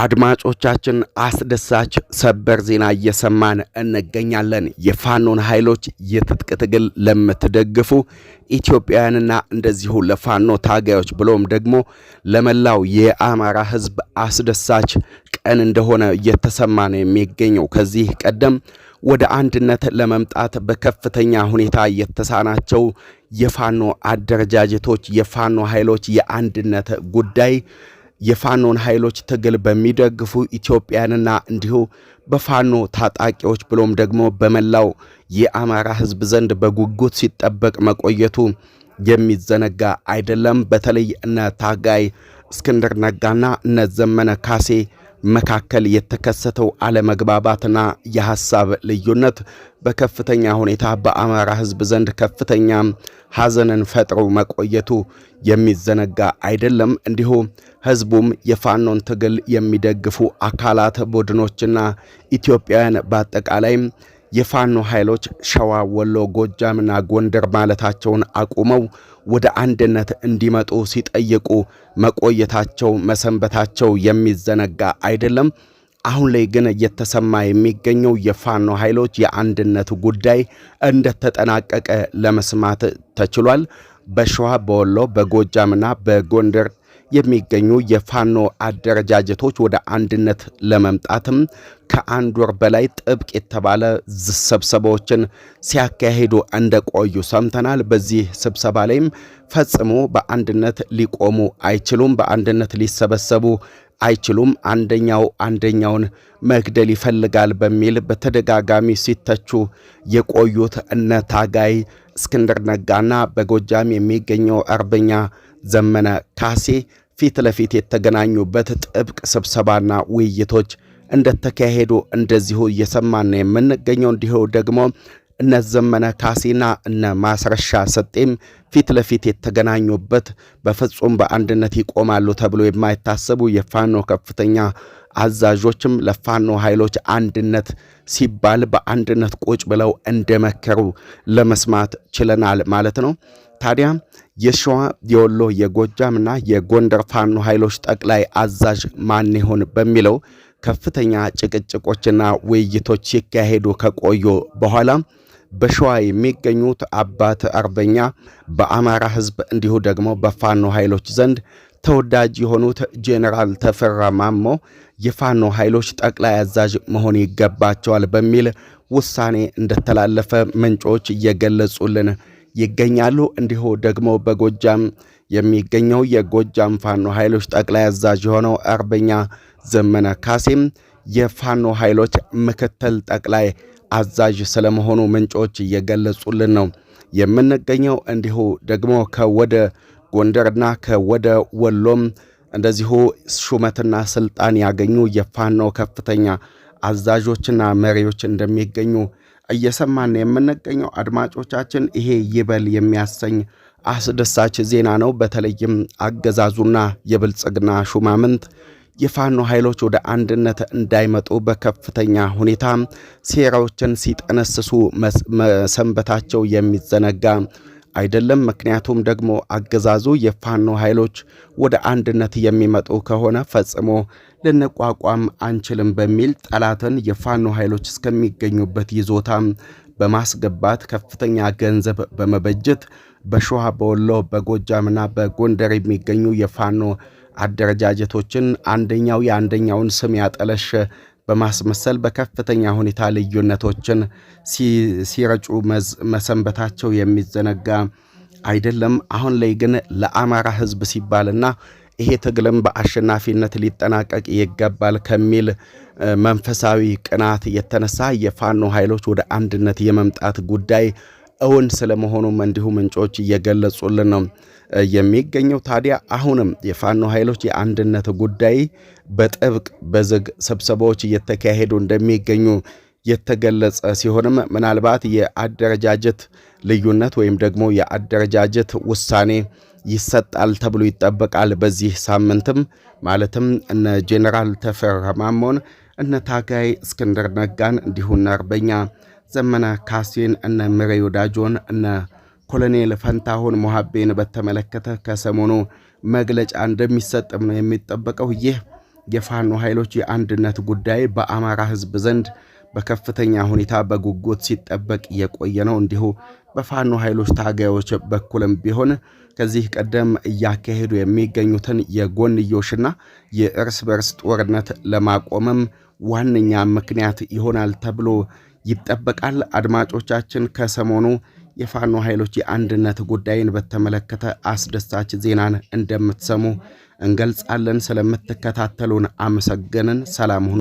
አድማጮቻችን አስደሳች ሰበር ዜና እየሰማን እንገኛለን። የፋኖን ኃይሎች የትጥቅ ትግል ለምትደግፉ ኢትዮጵያውያንና እንደዚሁ ለፋኖ ታጋዮች ብሎም ደግሞ ለመላው የአማራ ሕዝብ አስደሳች ቀን እንደሆነ እየተሰማ ነው የሚገኘው። ከዚህ ቀደም ወደ አንድነት ለመምጣት በከፍተኛ ሁኔታ የተሳናቸው የፋኖ አደረጃጀቶች፣ የፋኖ ኃይሎች የአንድነት ጉዳይ የፋኖን ኃይሎች ትግል በሚደግፉ ኢትዮጵያንና እንዲሁ በፋኖ ታጣቂዎች ብሎም ደግሞ በመላው የአማራ ሕዝብ ዘንድ በጉጉት ሲጠበቅ መቆየቱ የሚዘነጋ አይደለም። በተለይ እነ ታጋይ እስክንድር ነጋና እነ ዘመነ ካሴ መካከል የተከሰተው አለመግባባትና የሐሳብ ልዩነት በከፍተኛ ሁኔታ በአማራ ሕዝብ ዘንድ ከፍተኛ ሐዘንን ፈጥሮ መቆየቱ የሚዘነጋ አይደለም። እንዲሁ ሕዝቡም የፋኖን ትግል የሚደግፉ አካላት ቡድኖችና ኢትዮጵያውያን በአጠቃላይ የፋኖ ኃይሎች ሸዋ፣ ወሎ፣ ጎጃምና ጎንደር ማለታቸውን አቁመው ወደ አንድነት እንዲመጡ ሲጠይቁ መቆየታቸው መሰንበታቸው የሚዘነጋ አይደለም። አሁን ላይ ግን እየተሰማ የሚገኘው የፋኖ ኃይሎች የአንድነት ጉዳይ እንደተጠናቀቀ ለመስማት ተችሏል። በሸዋ በወሎ በጎጃምና በጎንደር የሚገኙ የፋኖ አደረጃጀቶች ወደ አንድነት ለመምጣትም ከአንድ ወር በላይ ጥብቅ የተባለ ስብሰባዎችን ሲያካሂዱ እንደቆዩ ሰምተናል። በዚህ ስብሰባ ላይም ፈጽሞ በአንድነት ሊቆሙ አይችሉም፣ በአንድነት ሊሰበሰቡ አይችሉም፣ አንደኛው አንደኛውን መግደል ይፈልጋል በሚል በተደጋጋሚ ሲተቹ የቆዩት እነ ታጋይ እስክንድር ነጋና በጎጃም የሚገኘው አርበኛ ዘመነ ካሴ ፊት ለፊት የተገናኙበት ጥብቅ ስብሰባና ውይይቶች እንደተካሄዱ እንደዚሁ እየሰማን ነው የምንገኘው። እንዲሁ ደግሞ እነ ዘመነ ካሴና እነ ማስረሻ ሰጤም ፊት ለፊት የተገናኙበት በፍጹም በአንድነት ይቆማሉ ተብሎ የማይታሰቡ የፋኖ ከፍተኛ አዛዦችም ለፋኖ ኃይሎች አንድነት ሲባል በአንድነት ቁጭ ብለው እንደመከሩ ለመስማት ችለናል ማለት ነው። ታዲያ የሸዋ የወሎ የጎጃምና የጎንደር ፋኖ ኃይሎች ጠቅላይ አዛዥ ማን ይሆን በሚለው ከፍተኛ ጭቅጭቆችና ውይይቶች ሲካሄዱ ከቆዩ በኋላ በሸዋ የሚገኙት አባት አርበኛ በአማራ ሕዝብ እንዲሁ ደግሞ በፋኖ ኃይሎች ዘንድ ተወዳጅ የሆኑት ጄኔራል ተፈራ ማሞ የፋኖ ኃይሎች ጠቅላይ አዛዥ መሆን ይገባቸዋል በሚል ውሳኔ እንደተላለፈ ምንጮች እየገለጹልን ይገኛሉ። እንዲሁ ደግሞ በጎጃም የሚገኘው የጎጃም ፋኖ ኃይሎች ጠቅላይ አዛዥ የሆነው አርበኛ ዘመነ ካሴም የፋኖ ኃይሎች ምክትል ጠቅላይ አዛዥ ስለመሆኑ ምንጮች እየገለጹልን ነው የምንገኘው። እንዲሁ ደግሞ ከወደ ጎንደርና ከወደ ወሎም እንደዚሁ ሹመትና ስልጣን ያገኙ የፋኖ ከፍተኛ አዛዦችና መሪዎች እንደሚገኙ እየሰማን የምንገኘው አድማጮቻችን፣ ይሄ ይበል የሚያሰኝ አስደሳች ዜና ነው። በተለይም አገዛዙና የብልጽግና ሹማምንት የፋኖ ኃይሎች ወደ አንድነት እንዳይመጡ በከፍተኛ ሁኔታ ሴራዎችን ሲጠነስሱ መሰንበታቸው የሚዘነጋ አይደለም። ምክንያቱም ደግሞ አገዛዙ የፋኖ ኃይሎች ወደ አንድነት የሚመጡ ከሆነ ፈጽሞ ልንቋቋም አንችልም በሚል ጠላትን የፋኖ ኃይሎች እስከሚገኙበት ይዞታ በማስገባት ከፍተኛ ገንዘብ በመበጀት በሸዋ በወሎ በጎጃምና በጎንደር የሚገኙ የፋኖ አደረጃጀቶችን አንደኛው የአንደኛውን ስም ያጠለሸ በማስመሰል በከፍተኛ ሁኔታ ልዩነቶችን ሲረጩ መሰንበታቸው የሚዘነጋ አይደለም። አሁን ላይ ግን ለአማራ ሕዝብ ሲባልና ይሄ ትግልም በአሸናፊነት ሊጠናቀቅ ይገባል ከሚል መንፈሳዊ ቅናት የተነሳ የፋኖ ኃይሎች ወደ አንድነት የመምጣት ጉዳይ እውን ስለመሆኑም እንዲሁ ምንጮች እየገለጹልን ነው የሚገኘው። ታዲያ አሁንም የፋኖ ኃይሎች የአንድነት ጉዳይ በጥብቅ በዝግ ስብሰባዎች እየተካሄዱ እንደሚገኙ የተገለጸ ሲሆንም ምናልባት የአደረጃጀት ልዩነት ወይም ደግሞ የአደረጃጀት ውሳኔ ይሰጣል ተብሎ ይጠበቃል። በዚህ ሳምንትም ማለትም እነ ጄኔራል ተፈራ ማሞን እነ ታጋይ እስክንድር ነጋን እንዲሁ እነ አርበኛ ዘመነ ካሴን እነ ምሬ ወዳጆን እነ ኮሎኔል ፈንታሁን ሞሃቤን በተመለከተ ከሰሞኑ መግለጫ እንደሚሰጥም ነው የሚጠበቀው። ይህ የፋኖ ኃይሎች የአንድነት ጉዳይ በአማራ ሕዝብ ዘንድ በከፍተኛ ሁኔታ በጉጉት ሲጠበቅ የቆየ ነው። እንዲሁ በፋኖ ኃይሎች ታጋዮች በኩልም ቢሆን ከዚህ ቀደም እያካሄዱ የሚገኙትን የጎንዮሽና የእርስ በርስ ጦርነት ለማቆምም ዋነኛ ምክንያት ይሆናል ተብሎ ይጠበቃል። አድማጮቻችን ከሰሞኑ የፋኖ ኃይሎች የአንድነት ጉዳይን በተመለከተ አስደሳች ዜናን እንደምትሰሙ እንገልጻለን። ስለምትከታተሉን አመሰገንን። ሰላም ሁኑ።